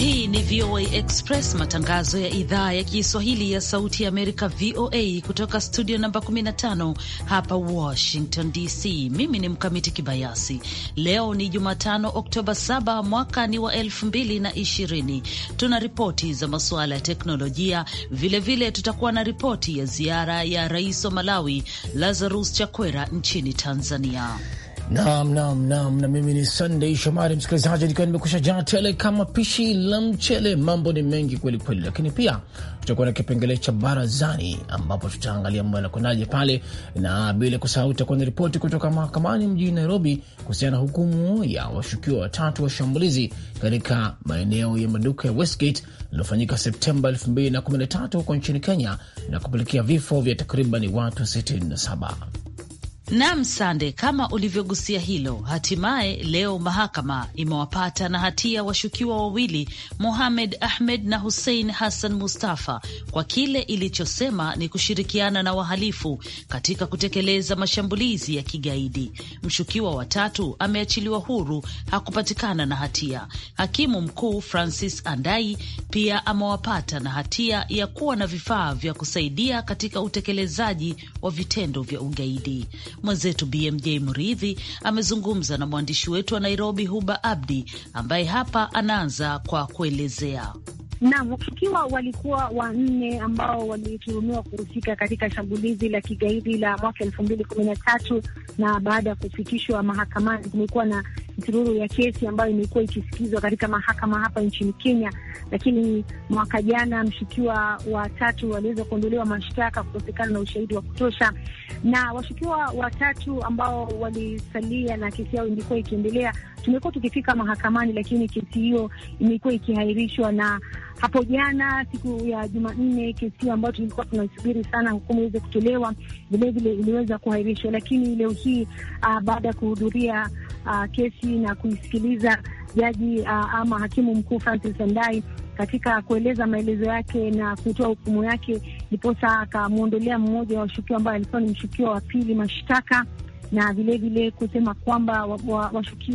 Hii ni VOA Express, matangazo ya idhaa ya Kiswahili ya Sauti ya Amerika, VOA, kutoka studio namba 15 hapa Washington DC. Mimi ni Mkamiti Kibayasi. Leo ni Jumatano, Oktoba 7 mwaka ni wa 2020. Tuna ripoti za masuala ya teknolojia, vilevile vile tutakuwa na ripoti ya ziara ya rais wa Malawi Lazarus Chakwera nchini Tanzania namnamnam Na mimi ni Sunday Shomari, msikilizaji, nikiwa nimekusha jaa tele kama pishi la mchele. Mambo ni mengi kweli kweli, lakini pia tutakuwa na kipengele cha barazani, ambapo tutaangalia mambo yanakwendaje pale, na bila kusahau tutakuwa na ripoti kutoka mahakamani mjini Nairobi kuhusiana na hukumu ya washukiwa watatu washambulizi katika maeneo ya maduka ya Westgate iliyofanyika Septemba 2013 huko nchini Kenya na kupelekea vifo vya takriban watu 67. Nam Sande, kama ulivyogusia hilo, hatimaye leo mahakama imewapata na hatia washukiwa wawili Mohamed Ahmed na Hussein Hassan Mustafa kwa kile ilichosema ni kushirikiana na wahalifu katika kutekeleza mashambulizi ya kigaidi. Mshukiwa wa tatu ameachiliwa huru, hakupatikana na hatia. Hakimu mkuu Francis Andai pia amewapata na hatia ya kuwa na vifaa vya kusaidia katika utekelezaji wa vitendo vya ugaidi. Mwenzetu BMJ Mridhi amezungumza na mwandishi wetu wa Nairobi, Huba Abdi, ambaye hapa anaanza kwa kuelezea Naam, washukiwa walikuwa wanne ambao walituhumiwa kuhusika katika shambulizi la kigaidi la mwaka elfu mbili kumi na tatu na baada ya kufikishwa mahakamani, kumekuwa na msururu ya kesi ambayo imekuwa ikisikizwa katika mahakama hapa nchini Kenya. Lakini mwaka jana mshukiwa watatu waliweza kuondolewa mashtaka kukosekana na ushahidi wa kutosha, na washukiwa watatu ambao walisalia na kesi yao ilikuwa ikiendelea Tumekuwa tukifika mahakamani, lakini kesi hiyo imekuwa ikihairishwa, na hapo jana siku ya Jumanne, kesi hiyo ambayo tulikuwa tunaisubiri sana hukumu iweze kutolewa, vilevile iliweza kuhairishwa, lakini leo hii uh, baada ya kuhudhuria uh, kesi na kuisikiliza jaji uh, ama hakimu mkuu Francis Andai katika kueleza maelezo yake na kutoa hukumu yake, ndiposa akamwondolea mmoja wa washukiwa ambaye alikuwa ni mshukiwa wa pili mashtaka na vilevile kusema kwamba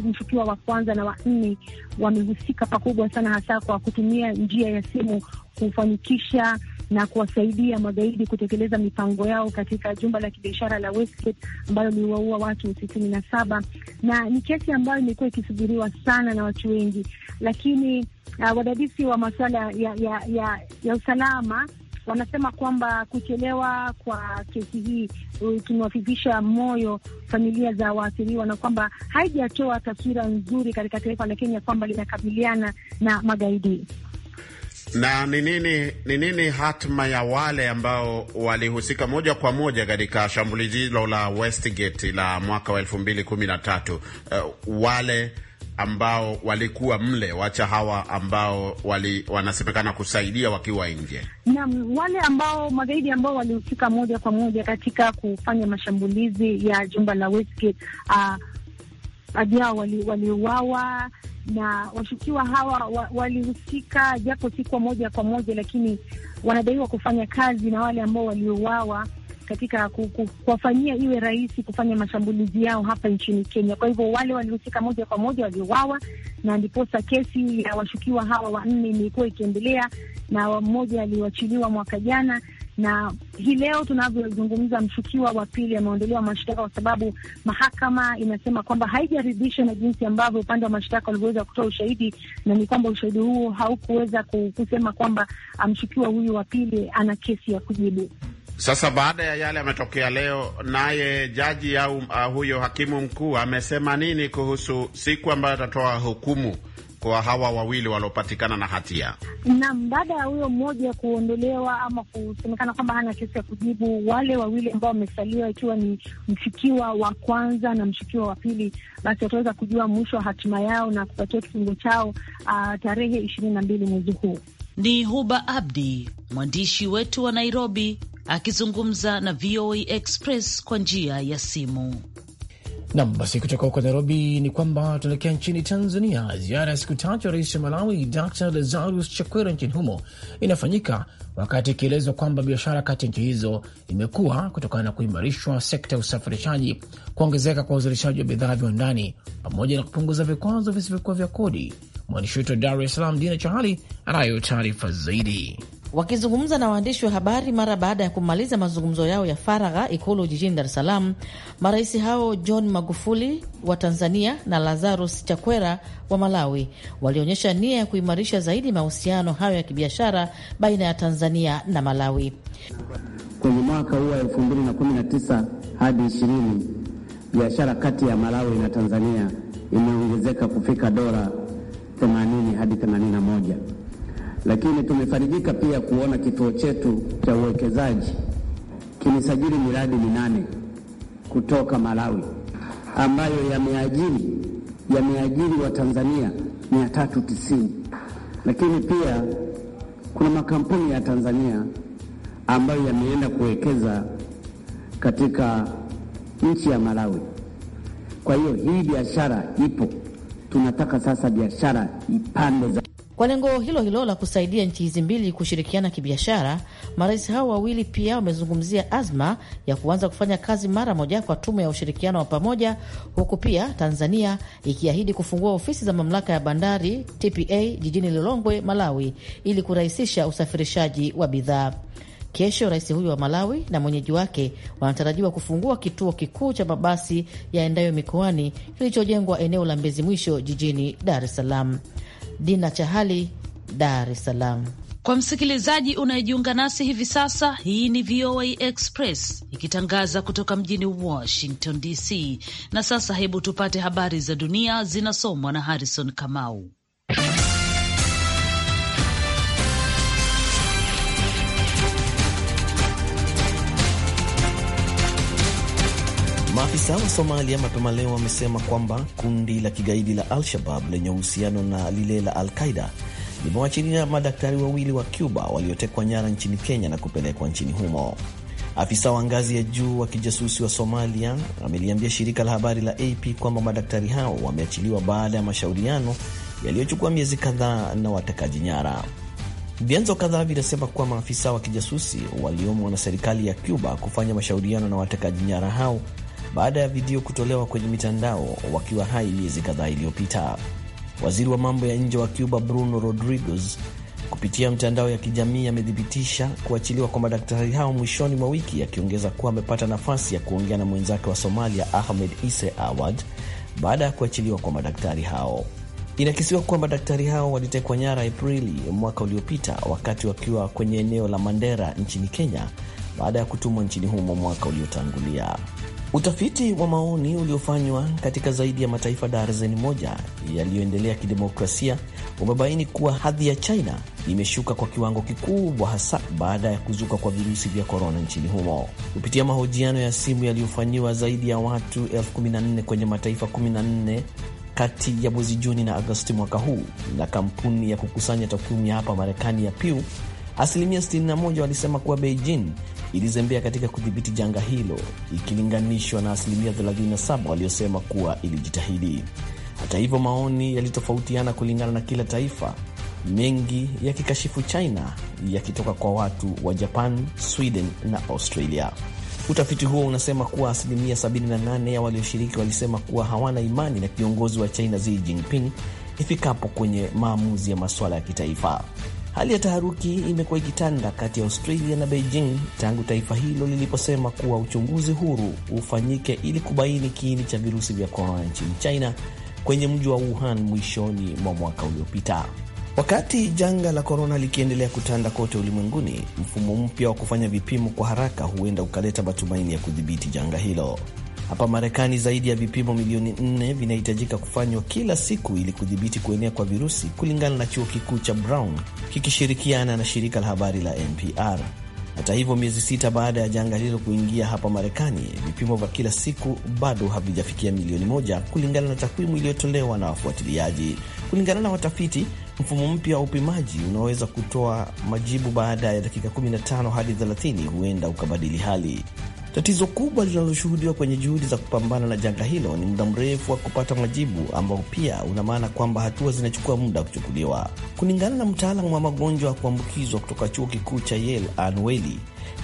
mshukiwa wa kwanza na wanne wamehusika pakubwa sana, hasa kwa kutumia njia ya simu kufanikisha na kuwasaidia magaidi kutekeleza mipango yao katika jumba la kibiashara la Westgate ambayo liwaua watu sitini na saba, na ni kesi ambayo imekuwa ikisubiriwa sana na watu wengi, lakini uh, wadadisi wa masuala ya, ya, ya, ya usalama wanasema kwamba kuchelewa kwa kesi hii eh, kimewafikisha moyo familia za waathiriwa na kwamba haijatoa taswira nzuri katika taifa la Kenya kwamba linakabiliana na magaidi. Na ni nini ni nini hatma ya wale ambao walihusika moja kwa moja katika shambulizi hilo la Westgate la mwaka wa elfu mbili kumi na tatu? Uh, wale ambao walikuwa mle, wacha hawa ambao wali, wanasemekana kusaidia wakiwa nje, naam, wale ambao magaidi ambao walihusika moja kwa moja katika kufanya mashambulizi ya jumba la Westgate. Uh, baadhi yao waliuawa na washukiwa hawa walihusika, japo si kwa moja kwa moja, lakini wanadaiwa kufanya kazi na wale ambao waliuawa katika kuwafanyia iwe rahisi kufanya mashambulizi yao hapa nchini Kenya. Kwa hivyo wale walihusika moja kwa moja waliuawa, na ndiposa kesi ya washukiwa hawa wanne imekuwa ikiendelea, na mmoja aliwachiliwa mwaka jana na hii leo tunavyozungumza, mshukiwa wa pili ameondolewa mashtaka kwa sababu mahakama inasema kwamba haijaridhishwa na jinsi ambavyo upande wa mashtaka ulivyoweza kutoa ushahidi, na ni kwamba ushahidi huo haukuweza kusema kwamba um, mshukiwa huyu wa pili ana kesi ya kujibu. Sasa baada ya yale yametokea leo, naye jaji au uh, huyo hakimu mkuu amesema nini kuhusu siku ambayo atatoa hukumu kwa hawa wawili waliopatikana na hatia? Naam, baada ya huyo mmoja kuondolewa ama kusemekana kwamba hana kesi ya kujibu, wale wawili ambao wamesalia, ikiwa ni mshukiwa wa kwanza na mshukiwa wa pili, basi wataweza kujua mwisho wa hatima yao na kupatia kifungo chao uh, tarehe ishirini na mbili mwezi huu. Ni Huba Abdi, mwandishi wetu wa Nairobi akizungumza na VOA Express kwa njia ya simu. Nam, basi kutoka huko Nairobi ni kwamba tunaelekea nchini Tanzania. Ziara ya siku tatu ya rais wa Malawi Dr Lazarus Chakwera nchini humo inafanyika wakati ikielezwa kwamba biashara kati ya nchi hizo imekuwa kutokana na kuimarishwa sekta ya usafirishaji, kuongezeka kwa uzalishaji wa bidhaa viwandani, pamoja na kupunguza vikwazo visivyokuwa vya kodi. Mwandishi wetu wa Dar es Salaam Dina Chahali anayo taarifa zaidi. Wakizungumza na waandishi wa habari mara baada ya kumaliza mazungumzo yao ya faragha Ikulu jijini Dar es Salaam, marais hao John Magufuli wa Tanzania na Lazarus Chakwera wa Malawi walionyesha nia ya kuimarisha zaidi mahusiano hayo ya kibiashara baina ya Tanzania na Malawi. Kwenye mwaka huu wa tisa hadi 20 biashara kati ya Malawi na Tanzania imeongezeka kufika dola 80 hadi 81 lakini tumefarijika pia kuona kituo chetu cha uwekezaji kimesajili miradi minane kutoka Malawi ambayo yameajiri yameajiri Watanzania mia tatu tisini. Lakini pia kuna makampuni ya Tanzania ambayo yameenda kuwekeza katika nchi ya Malawi. Kwa hiyo hii biashara ipo, tunataka sasa biashara ipande za kwa lengo hilo hilo la kusaidia nchi hizi mbili kushirikiana kibiashara, marais hao wawili pia wamezungumzia azma ya kuanza kufanya kazi mara moja kwa tume ya ushirikiano wa pamoja, huku pia Tanzania ikiahidi kufungua ofisi za mamlaka ya bandari TPA jijini Lilongwe, Malawi, ili kurahisisha usafirishaji wa bidhaa. Kesho rais huyo wa Malawi na mwenyeji wake wanatarajiwa kufungua kituo kikuu cha mabasi yaendayo mikoani kilichojengwa eneo la Mbezi Mwisho jijini Dar es Salaam. Dina Chahali, Dar es Salaam. Kwa msikilizaji unayejiunga nasi hivi sasa, hii ni VOA Express ikitangaza kutoka mjini Washington DC. Na sasa hebu tupate habari za dunia zinasomwa na Harrison Kamau. Maafisa wa Somalia mapema leo wamesema kwamba kundi la kigaidi la Al-Shabab lenye uhusiano na lile la Al-Qaida limewachilia madaktari wawili wa Cuba waliotekwa nyara nchini Kenya na kupelekwa nchini humo. Afisa wa ngazi ya juu wa kijasusi wa Somalia ameliambia shirika la habari la AP kwamba madaktari hao wameachiliwa baada ya mashauriano yaliyochukua miezi kadhaa na watekaji nyara. Vyanzo kadhaa vinasema kuwa maafisa wa kijasusi waliomo na serikali ya Cuba kufanya mashauriano na watekaji nyara hao baada ya video kutolewa kwenye mitandao wakiwa hai miezi kadhaa iliyopita. Waziri wa mambo ya nje wa Cuba Bruno Rodriguez kupitia mtandao ya kijamii amethibitisha kuachiliwa kwa madaktari hao mwishoni mwa wiki, akiongeza kuwa amepata nafasi ya kuongea na mwenzake wa Somalia Ahmed ise Awad baada ya kuachiliwa kwa madaktari hao. Inakisiwa kuwa madaktari hao walitekwa nyara Aprili mwaka uliopita wakati wakiwa kwenye eneo la Mandera nchini Kenya baada ya kutumwa nchini humo mwaka uliotangulia. Utafiti wa maoni uliofanywa katika zaidi ya mataifa darzeni moja yaliyoendelea kidemokrasia umebaini kuwa hadhi ya China imeshuka kwa kiwango kikubwa, hasa baada ya kuzuka kwa virusi vya korona nchini humo. Kupitia mahojiano ya simu yaliyofanyiwa zaidi ya watu elfu 14 kwenye mataifa 14 kati ya mwezi Juni na Agosti mwaka huu na kampuni ya kukusanya takwimu ya hapa Marekani ya Pew, asilimia 61 walisema kuwa Beijing ilizembea katika kudhibiti janga hilo ikilinganishwa na asilimia 37 waliosema kuwa ilijitahidi. Hata hivyo, maoni yalitofautiana kulingana na kila taifa, mengi yakikashifu China yakitoka kwa watu wa Japan, Sweden na Australia. Utafiti huo unasema kuwa asilimia 78 ya walioshiriki walisema kuwa hawana imani na kiongozi wa China Xi Jinping ifikapo kwenye maamuzi ya masuala ya kitaifa. Hali ya taharuki imekuwa ikitanda kati ya Australia na Beijing tangu taifa hilo liliposema kuwa uchunguzi huru ufanyike ili kubaini kiini cha virusi vya korona nchini China kwenye mji wa Wuhan mwishoni mwa mwaka uliopita. Wakati janga la korona likiendelea kutanda kote ulimwenguni, mfumo mpya wa kufanya vipimo kwa haraka huenda ukaleta matumaini ya kudhibiti janga hilo. Hapa Marekani, zaidi ya vipimo milioni nne vinahitajika kufanywa kila siku ili kudhibiti kuenea kwa virusi, kulingana na chuo kikuu cha Brown kikishirikiana na shirika la habari la NPR. Hata hivyo, miezi sita baada ya janga hilo kuingia hapa Marekani, vipimo vya kila siku bado havijafikia milioni moja, kulingana na takwimu iliyotolewa na wafuatiliaji. Kulingana na watafiti, mfumo mpya wa upimaji unaweza kutoa majibu baada ya dakika 15 hadi 30, huenda ukabadili hali. Tatizo kubwa linaloshuhudiwa kwenye juhudi za kupambana na janga hilo ni muda mrefu wa kupata majibu, ambao pia una maana kwamba hatua zinachukua muda wa kuchukuliwa. Kulingana na mtaalamu wa magonjwa ya kuambukizwa kutoka chuo kikuu cha Yale, Ann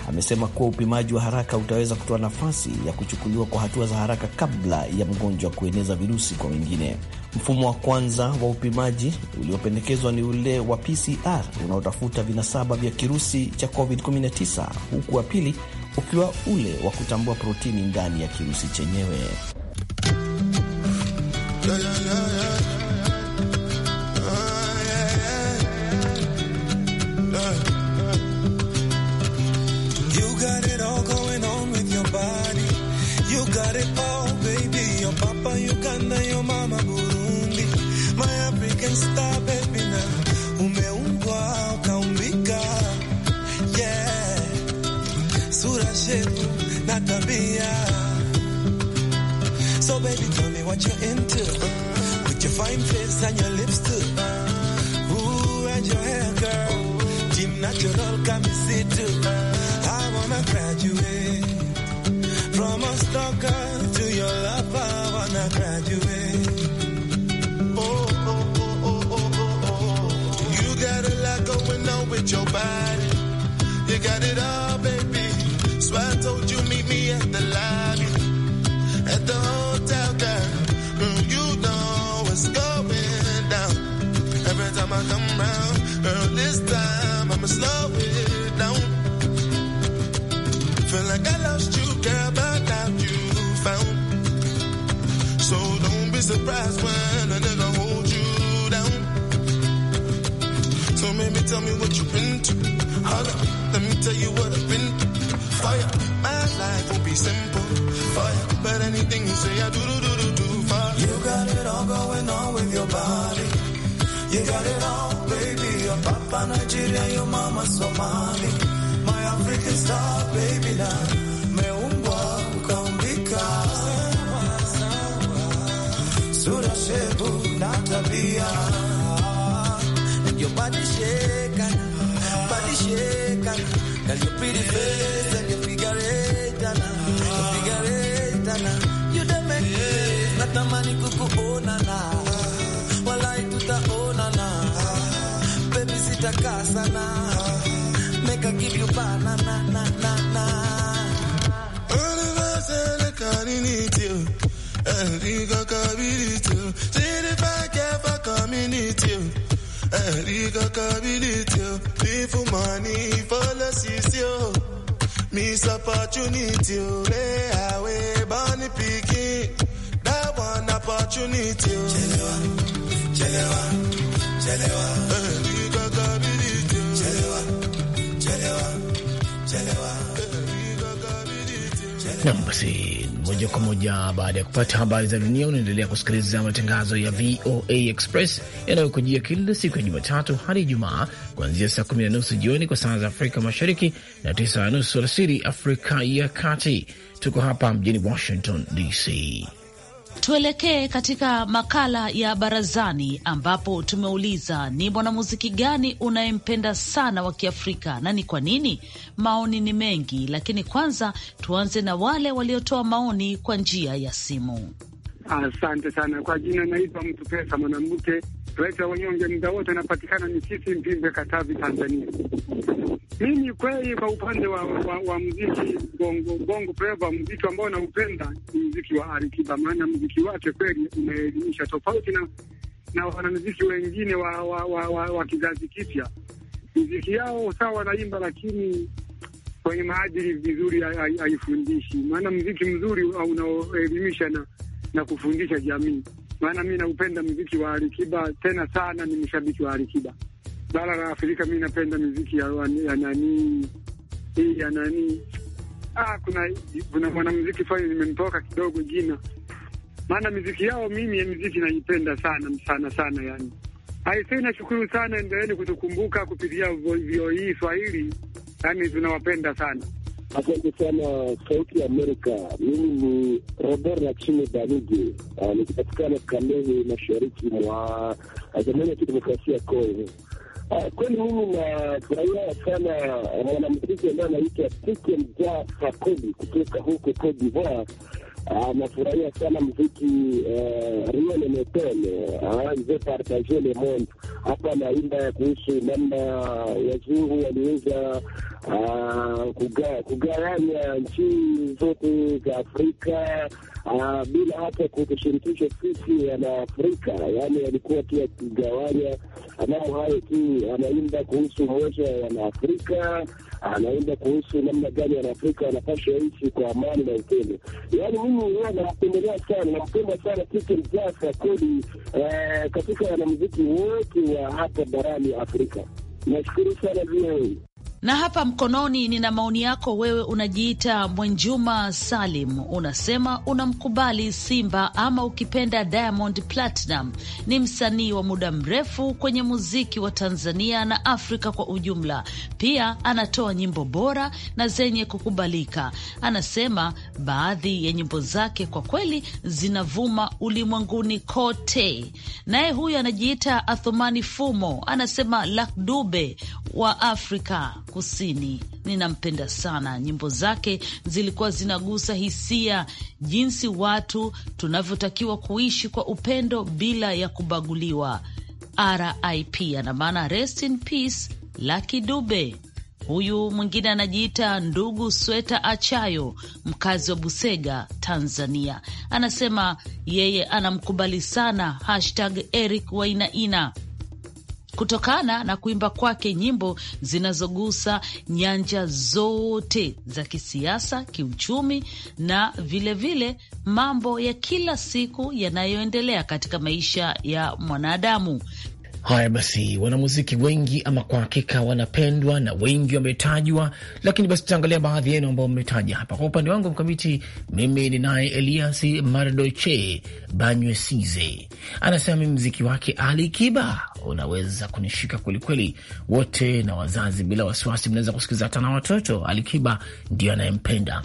amesema kuwa upimaji wa haraka utaweza kutoa nafasi ya kuchukuliwa kwa hatua za haraka kabla ya mgonjwa kueneza virusi kwa wengine. Mfumo wa kwanza wa upimaji uliopendekezwa ni ule wa PCR unaotafuta vinasaba vya kirusi cha COVID-19, huku wa pili ukiwa ule wa kutambua protini ndani ya kirusi chenyewe. Caribbean. So baby, tell me what you're into. With your fine face and your lips too. Ooh, and your hair, girl. Team Natural too. I wanna graduate. From a stalker to your lover, I wanna graduate. Oh, oh, oh, oh, oh, oh, oh. You got a lot going on with your body. You got it all slow it down. Feel like I lost you, girl, but now you found. So don't be surprised when I never hold you down. So maybe tell me what you've been through. let me tell you what I've been to. Fire, my life will not be simple. Fire, but anything you say, I do do do do do. Fire. You got it all going on with your body. You got it all. Papa, Nigeria, your mama Somali. My African star, baby, now. Meumbwa, ukaumbika. Sura shebu. Miss opportunity, lay away, bunny picking. That one opportunity. Chelewa, chelewa, chelewa. Nam, basi moja kwa moja baada ya kupata habari za dunia, unaendelea kusikiliza matangazo ya VOA Express yanayokujia kila siku ya Jumatatu hadi Ijumaa, kuanzia saa kumi na nusu jioni kwa saa za Afrika Mashariki na tisa na nusu alasiri Afrika ya Kati. Tuko hapa mjini Washington DC. Tuelekee katika makala ya barazani ambapo tumeuliza ni mwanamuziki gani unayempenda sana wa Kiafrika na ni kwa nini? Maoni ni mengi, lakini kwanza tuanze na wale waliotoa maoni kwa njia ya simu. Asante sana kwa jina, naitwa Mtu Pesa Mwanamke rais wa wanyonge muda wote anapatikana ni sisi Mpimbe, Katavi, Tanzania. Mimi kweli kwa upande wa, wa, wa mziki bongo bongo flava, mziki ambao naupenda ni mziki wa Alikiba, maana mziki wake kweli unaelimisha tofauti na na wanamuziki wengine wa, wa, wa, wa, wa kizazi kipya. Mziki yao sawa wanaimba, lakini kwenye maadili vizuri haifundishi, maana mziki mzuri unaoelimisha na, na kufundisha jamii maana mi naupenda mziki wa Alikiba tena sana, ni mshabiki wa Alikiba. Bara la Afrika mi napenda mziki ya, ya nani hii ya nani ah, kuna kuna mwanamziki fani nimemtoka kidogo jina, maana miziki yao mimi ya mziki naipenda sana sana sana yani. Aisee, nashukuru sana, endeleni kutukumbuka kupitia VOA e Swahili, yaani tunawapenda sana. Asante sana Sauti ya Amerika. Mimi ni Robert chini danige ah, nikipatikana Kalehe, mashariki mwa ah, Jamhuri ya Kidemokrasia ya Kongo. Ah, kweli mimi nafurahia sana mwanamuziki ambaye anaitwa Tiken Jah Fakoly kutoka huko Cote d'Ivoire anafurahia ah, sana mziki eh, rio lemepele eh, ah, ze partage le monde hapa, anaimba kuhusu namna wazungu waliweza ah, kugawanya nchi zote za Afrika bila hata kutushirikisha sisi wana Afrika, yaani walikuwa tu akigawanya Alafu hayo tu anaimba kuhusu umoja wa afrika anaenda kuhusu namna gani wanaafrika wanapasha nchi kwa amani na upendo. Yaani mimi huwa nampendelea sana, nampenda sana kike Mjasa kweli eh, katika wanamziki wote wa hapa barani Afrika. Nashukuru sana VOA. E. Na hapa mkononi nina maoni yako. Wewe unajiita Mwenjuma Salim, unasema unamkubali Simba ama ukipenda Diamond Platinum, ni msanii wa muda mrefu kwenye muziki wa Tanzania na Afrika kwa ujumla. Pia anatoa nyimbo bora na zenye kukubalika. Anasema baadhi ya nyimbo zake kwa kweli zinavuma ulimwenguni kote. Naye huyu anajiita Athumani Fumo, anasema Lakdube wa Afrika Kusini. Ninampenda sana, nyimbo zake zilikuwa zinagusa hisia, jinsi watu tunavyotakiwa kuishi kwa upendo bila ya kubaguliwa. RIP ana maana rest in peace, Lucky Dube. Huyu mwingine anajiita ndugu Sweta Achayo, mkazi wa Busega, Tanzania, anasema yeye anamkubali sana hashtag Eric Wainaina kutokana na kuimba kwake nyimbo zinazogusa nyanja zote za kisiasa, kiuchumi na vilevile vile mambo ya kila siku yanayoendelea katika maisha ya mwanadamu. Haya basi, wanamuziki wengi ama kwa hakika wanapendwa na wengi wametajwa, lakini basi tutaangalia baadhi yenu ambao mmetaja hapa. Kwa upande wangu mkamiti, mimi ni naye Elias Mardoche Banywe Size, anasema mimi mziki wake Ali Kiba unaweza kunishika kwelikweli. Wote na wazazi bila wasiwasi, mnaweza kusikiliza hata na watoto. Alikiba ndiyo anayempenda.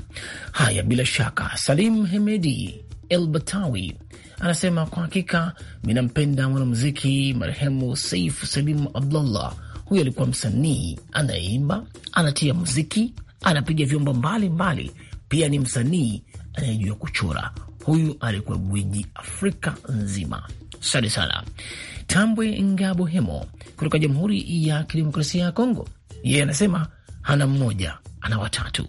Haya, bila shaka. Salim Hemedi Elbatawi anasema kwa hakika minampenda mwanamuziki marehemu Saif Salim Abdullah. Huyu alikuwa msanii anayeimba, anatia muziki, anapiga vyombo mbalimbali, pia ni msanii anayejua kuchora. Huyu alikuwa gwiji Afrika nzima sante sana Tambwe Ngabo Hemo kutoka Jamhuri ya Kidemokrasia ya Kongo. Yeye anasema hana mmoja, ana watatu.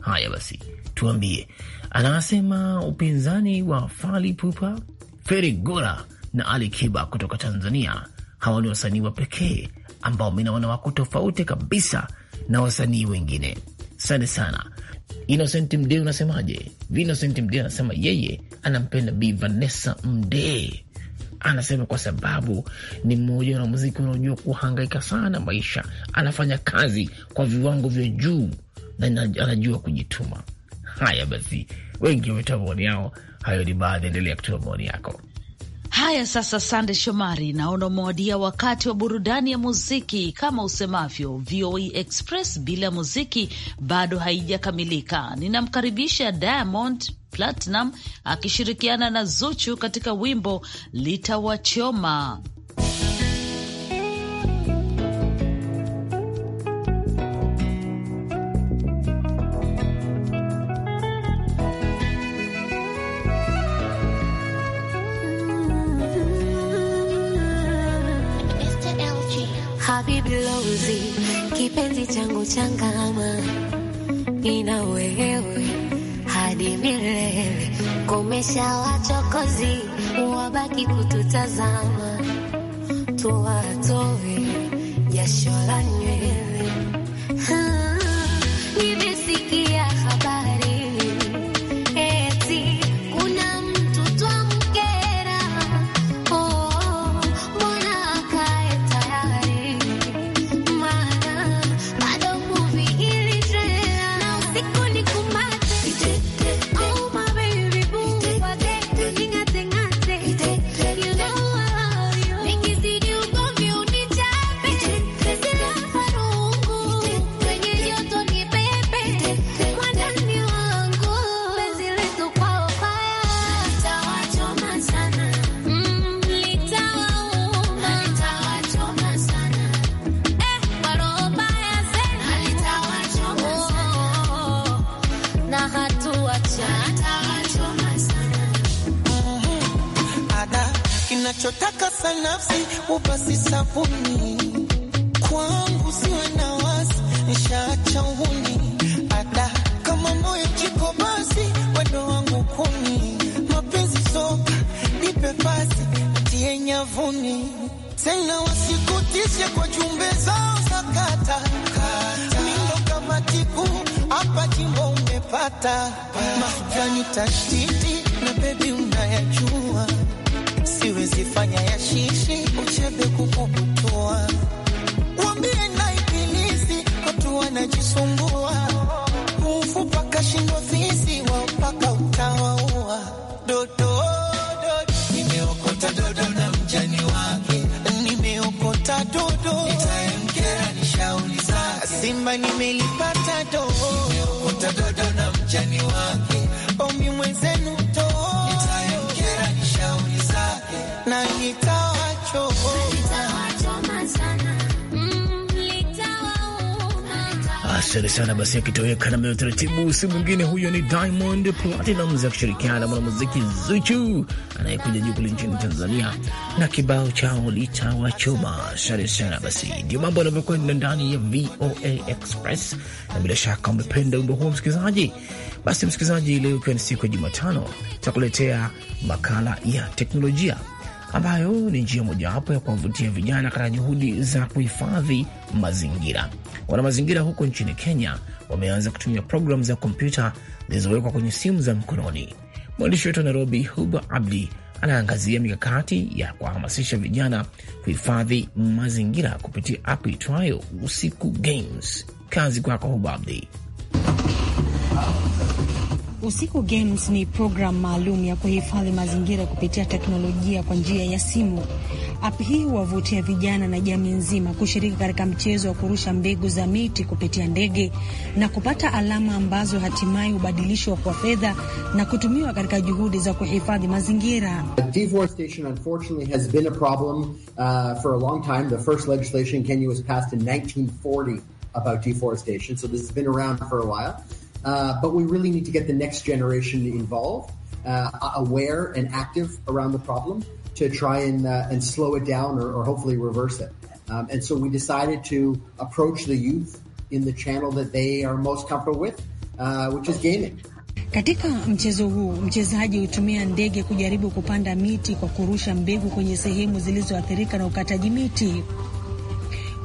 Haya basi, tuambie. Anasema upinzani wa Fali Pupa, Feri Gora na Ali Kiba kutoka Tanzania, hawa ni wasanii wa pekee ambao mi naona wako tofauti kabisa na wasanii wengine. sante sana. Innocent Mdee unasemaje? Vinocent Mdee anasema yeye anampenda Bi Vanessa Mdee Anasema kwa sababu ni mmoja wa muziki unaojua kuhangaika sana maisha, anafanya kazi kwa viwango vya juu na anajua kujituma. Haya basi, wengi wametoa maoni yao. Hayo ni baadhi, endelea kutoa maoni yako. Haya sasa, Sande Shomari, naona umewadia wakati wa burudani ya muziki. Kama usemavyo, VOA e Express bila muziki bado haijakamilika. Ninamkaribisha Diamond Platinum akishirikiana na Zuchu katika wimbo Litawachoma. Kipenzi changu changama, ina wewe hadi milele. Komesha wachokozi, wabaki kututazama, tuwatoe jasho la nachotaka sanafsi ubasi sabuni kwangu siwe na wasi nshaacha uhuni ada kama moyo chiko basi wendo wangu kuni mapenzi soka nipe pasi tie nyavuni tena wasikutishe kwa jumbe zao za kata milo kama tipu hapa jimbo umepata majani tashtiti na bebi unayajua nimezifanya yashishi uchebe kukubutua wambie na ibilisi watu wanajisumbua kufu paka shindo fisi wa mpaka utawaua dodo nimeokota dodo na mjani wake nimeokota dodo nitayemkera ni shauli zake simba nimelipata dodo nimeokota dodo na mjani wake asante sana. Basi akitoweka na utaratibu, si mwingine huyo ni Diamond Platinumz akishirikiana na mwanamuziki Zuchu anayekuja juu kule nchini Tanzania na kibao chao litawachoma. Asante sana. Basi ndio mambo yanavyokwenda ndani ya VOA Express, na bila shaka umependa wimbo huo msikilizaji. Basi msikilizaji, leo ikiwa ni siku ya Jumatano, tutakuletea makala ya teknolojia ambayo ni njia mojawapo ya kuwavutia vijana katika juhudi za kuhifadhi mazingira wanamazingira huko nchini Kenya wameanza kutumia programu za kompyuta zilizowekwa kwenye simu za mkononi. Mwandishi wetu wa Nairobi, Huba Abdi, anaangazia mikakati ya kuwahamasisha vijana kuhifadhi mazingira kupitia app itwayo Usiku Games. Kazi kwako, Huba Abdi. Usiku Games ni programu maalum ya kuhifadhi mazingira kupitia teknolojia kwa njia ya simu. App hii huwavutia vijana na jamii nzima kushiriki katika mchezo wa kurusha mbegu za miti kupitia ndege na kupata alama ambazo hatimaye hubadilishwa kwa fedha na kutumiwa katika juhudi za kuhifadhi mazingira. Deforestation unfortunately has been a problem uh, for a long time. The first legislation in Kenya was passed in 1940 about deforestation, so this has been around for a while. Uh, but we really need to get the next generation involved, uh, aware and active around the problem. to try and uh, and slow it down or, or hopefully reverse it. Um, and so we decided to approach the youth in the channel that they are most comfortable with, uh, which is gaming. Katika mchezo huu mchezaji hutumia ndege kujaribu kupanda miti kwa kurusha mbegu kwenye sehemu zilizoathirika na ukataji miti.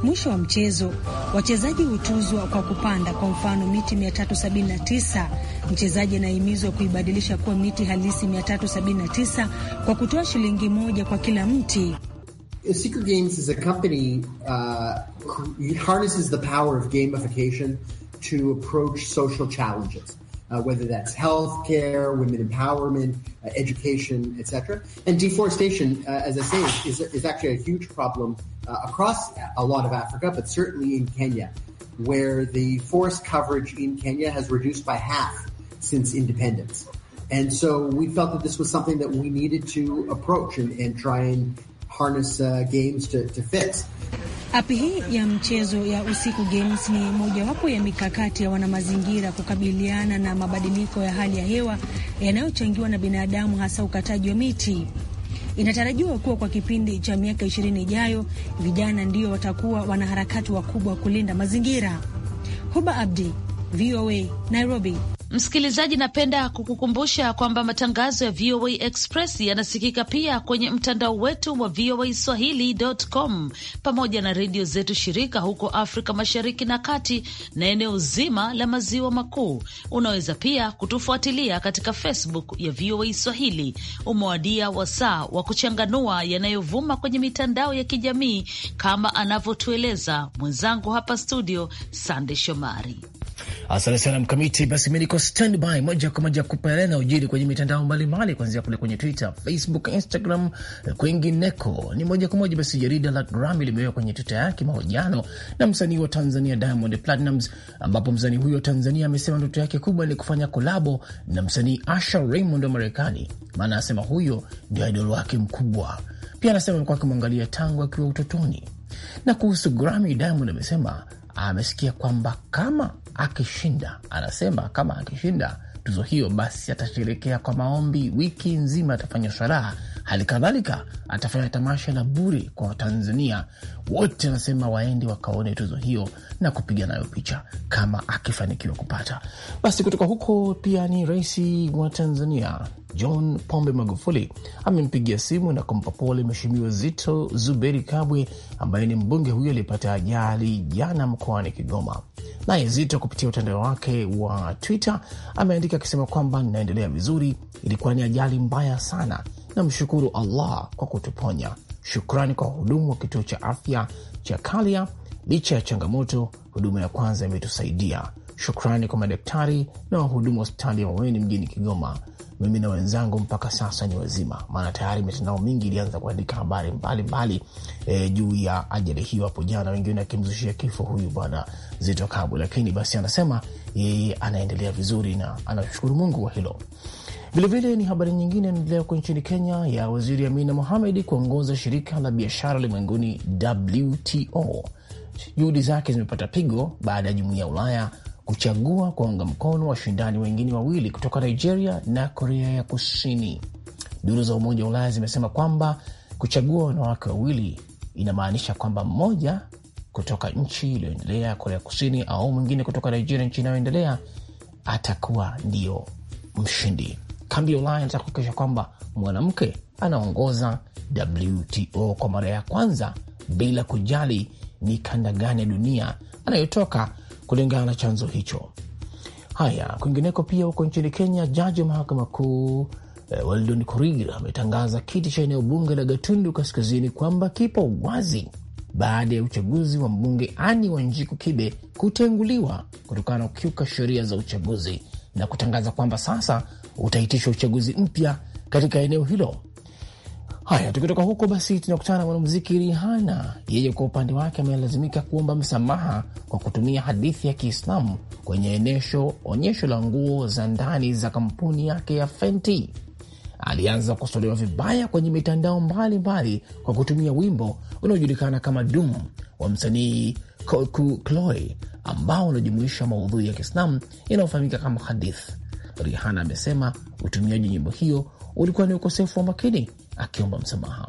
Mwisho wa mchezo, wachezaji hutuzwa kwa kupanda. Kwa mfano, miti 379 mchezaji anahimizwa kuibadilisha kuwa miti halisi 379 kwa kutoa shilingi moja kwa kila mti. Secret Games is a company, uh, harnesses the power of gamification to approach social challenges. Uh, whether that's health care, women empowerment, uh, education, etc. And deforestation, uh, as I say, is, is actually a huge problem Uh, across a lot of Africa, but certainly in Kenya, where the forest coverage in Kenya has reduced by half since independence. And so we felt that this was something that we needed to approach and, and try and harness uh, games to, to fix. Api hii ya mchezo ya usiku games ni mojawapo ya mikakati ya wanamazingira kukabiliana na mabadiliko ya hali ya hewa yanayochangiwa na binadamu, hasa ukataji wa miti. Inatarajiwa kuwa kwa kipindi cha miaka ishirini ijayo vijana ndio watakuwa wanaharakati wakubwa kulinda mazingira. Huba Abdi, VOA, Nairobi. Msikilizaji, napenda kukukumbusha kwamba matangazo ya VOA Express yanasikika pia kwenye mtandao wetu wa VOA Swahili.com pamoja na redio zetu shirika huko Afrika Mashariki na Kati na eneo zima la Maziwa Makuu. Unaweza pia kutufuatilia katika Facebook ya VOA Swahili. Umewadia wasaa wa kuchanganua yanayovuma kwenye mitandao ya kijamii, kama anavyotueleza mwenzangu hapa studio, Sande Shomari. Asante sana Mkamiti. Basi mi niko standby moja kwa moja kupelea na ujiri kwenye mitandao mbalimbali, kuanzia kule kwenye Twitter, Facebook, Instagram kwingineko. Ni moja kwa moja basi, jarida la Grammy limeweka kwenye Twitter yake mahojiano na msanii wa Tanzania Diamond Platnumz, ambapo msanii huyo wa Tanzania amesema ndoto yake kubwa ni kufanya kolabo na msanii Asha Raymond wa Marekani, maana anasema huyo ndio idol wake mkubwa. Pia anasema amekuwa akimwangalia tangu akiwa utotoni. Na kuhusu Grammy, Diamond amesema amesikia kwamba kama akishinda, anasema kama akishinda tuzo hiyo, basi atasherekea kwa maombi, wiki nzima atafanya sharah Hali kadhalika atafanya tamasha la bure kwa Watanzania wote, anasema waende wakaone tuzo hiyo na kupiga nayo picha kama akifanikiwa kupata. Basi kutoka huko pia ni rais wa Tanzania John Pombe Magufuli amempigia simu na kumpa pole Mheshimiwa Zito Zuberi Kabwe ambaye ni mbunge huyo aliyepata ajali jana mkoani Kigoma. Naye Zito kupitia utandao wake wa Twitter ameandika akisema kwamba ninaendelea vizuri, ilikuwa ni ajali mbaya sana Namshukuru Allah kwa kutuponya. Shukrani kwa wahudumu wa kituo cha afya cha Kalia. Licha ya changamoto, huduma ya kwanza imetusaidia. Shukrani kwa madaktari na wahudumu wa hospitali ya Maweni mjini Kigoma. Mimi na wenzangu mpaka sasa ni wazima, maana tayari mitandao mingi ilianza kuandika habari mbalimbali e, juu ya ajali hiyo hapo jana, wengine akimzushia kifo huyu bwana Zito Kabwe, lakini basi anasema yeye anaendelea vizuri na anashukuru Mungu kwa hilo. Vilevile ni habari nyingine inaendelea huko nchini Kenya ya waziri Amina Mohamed kuongoza shirika la biashara ulimwenguni WTO. Juhudi zake zimepata pigo baada ya jumuiya ya Ulaya kuchagua kuwaunga mkono washindani wengine wawili kutoka Nigeria na Korea ya Kusini. Duru za Umoja wa Ulaya zimesema kwamba kuchagua wanawake wawili inamaanisha kwamba mmoja kutoka nchi iliyoendelea Korea Kusini au mwingine kutoka Nigeria, nchi inayoendelea, atakuwa ndio mshindi kambi ya Ulaya anataka kuhakikisha kwamba mwanamke anaongoza WTO kwa mara ya kwanza bila kujali ni kanda gani ya dunia anayotoka, kulingana na chanzo hicho. Haya, kwingineko pia huko nchini Kenya, jaji wa mahakama kuu eh, Weldon Korir ametangaza kiti cha eneo bunge la Gatundu Kaskazini kwamba kipo wazi baada ya uchaguzi wa mbunge Ani Wanjiku Kibe kutenguliwa kutokana na kukiuka sheria za uchaguzi na kutangaza kwamba sasa utaitisha uchaguzi mpya katika eneo hilo. Haya, tukitoka huko basi, tunakutana na mwanamuziki Rihana. Yeye kwa upande wake amelazimika kuomba msamaha kwa kutumia hadithi ya Kiislamu kwenye enesho onyesho la nguo za ndani za kampuni yake ya Fenty. Alianza kukosolewa vibaya kwenye mitandao mbalimbali kwa kutumia wimbo unaojulikana kama Dum wa msanii Coco Chloe ambao unajumuisha maudhui ya Kiislamu yanayofahamika kama hadith. Rihana amesema utumiaji nyimbo hiyo ulikuwa ni ukosefu wa makini, akiomba msamaha.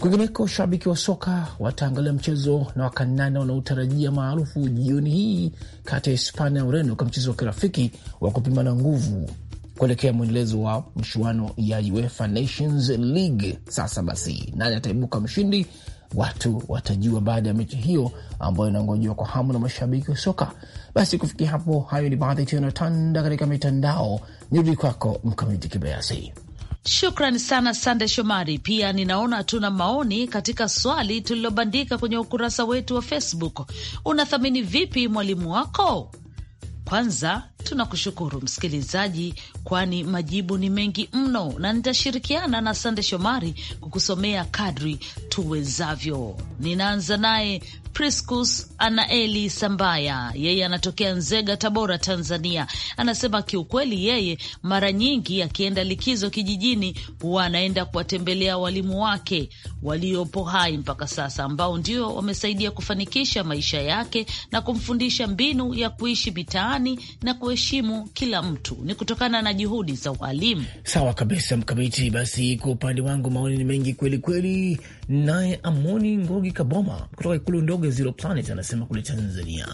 Kwingineko, shabiki wa soka wataangalia mchezo na wakanana wanaotarajia maarufu jioni hii kati ya Hispania Ureno kwa mchezo wa kirafiki wa kupimana nguvu kuelekea mwendelezo wa mchuano ya UEFA Nations League. Sasa basi, nani ataibuka mshindi? Watu watajua baada ya mechi hiyo ambayo inangojiwa kwa hamu na mashabiki wa soka. Basi kufikia hapo, hayo ni baadhi tu yanayotanda katika mitandao. Nirudi kwako Mkamiti Kibayasi. Shukran sana Sande Shomari. Pia ninaona tuna maoni katika swali tulilobandika kwenye ukurasa wetu wa Facebook. Unathamini vipi mwalimu wako? Kwanza Tunakushukuru msikilizaji, kwani majibu ni mengi mno, na nitashirikiana na Sande Shomari kukusomea kadri tuwezavyo. Ninaanza naye Priscus Anaeli Sambaya, yeye anatokea Nzega, Tabora, Tanzania. Anasema kiukweli, yeye mara nyingi akienda likizo kijijini huwa anaenda kuwatembelea walimu wake waliopo hai mpaka sasa, ambao ndio wamesaidia kufanikisha maisha yake na kumfundisha mbinu ya kuishi mitaani na ku kuheshimu kila mtu ni kutokana na juhudi za walimu. Sawa kabisa, Mkamiti. Basi kwa upande wangu maoni ni mengi kweli kweli. Naye Amoni Ngogi Kaboma kutoka ikulu ndogo ya Zero Planet anasema kule Tanzania,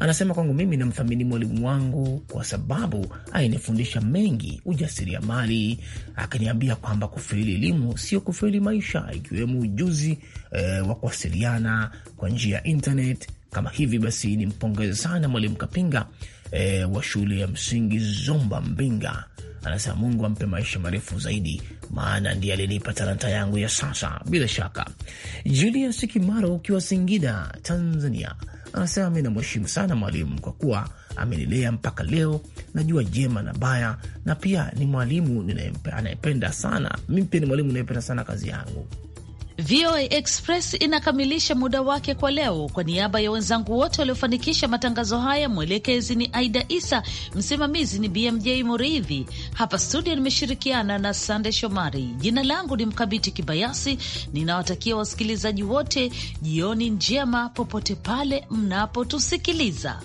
anasema kwangu mimi namthamini mwalimu wangu kwa sababu ainifundisha mengi, ujasiriamali, akaniambia kwamba kufeli elimu sio kufeli maisha, ikiwemo ujuzi e, wa kuwasiliana kwa njia ya internet kama hivi. Basi nimpongeze sana mwalimu Kapinga e, wa shule ya msingi Zomba Mbinga anasema Mungu ampe maisha marefu zaidi, maana ndiye alinipa talanta yangu ya sasa. Bila shaka, Julius Kimaro ukiwa Singida, Tanzania, anasema mi namheshimu sana mwalimu kwa kuwa amenilea mpaka leo, najua jema na baya, na pia ni mwalimu anayependa sana. Mi pia ni mwalimu anayependa sana kazi yangu. VOA Express inakamilisha muda wake kwa leo. Kwa niaba ya wenzangu wote waliofanikisha matangazo haya, mwelekezi ni Aida Isa, msimamizi ni BMJ Muridhi. Hapa studio nimeshirikiana na Sande Shomari. Jina langu ni Mkabiti Kibayasi. Ninawatakia wasikilizaji wote jioni njema popote pale mnapotusikiliza.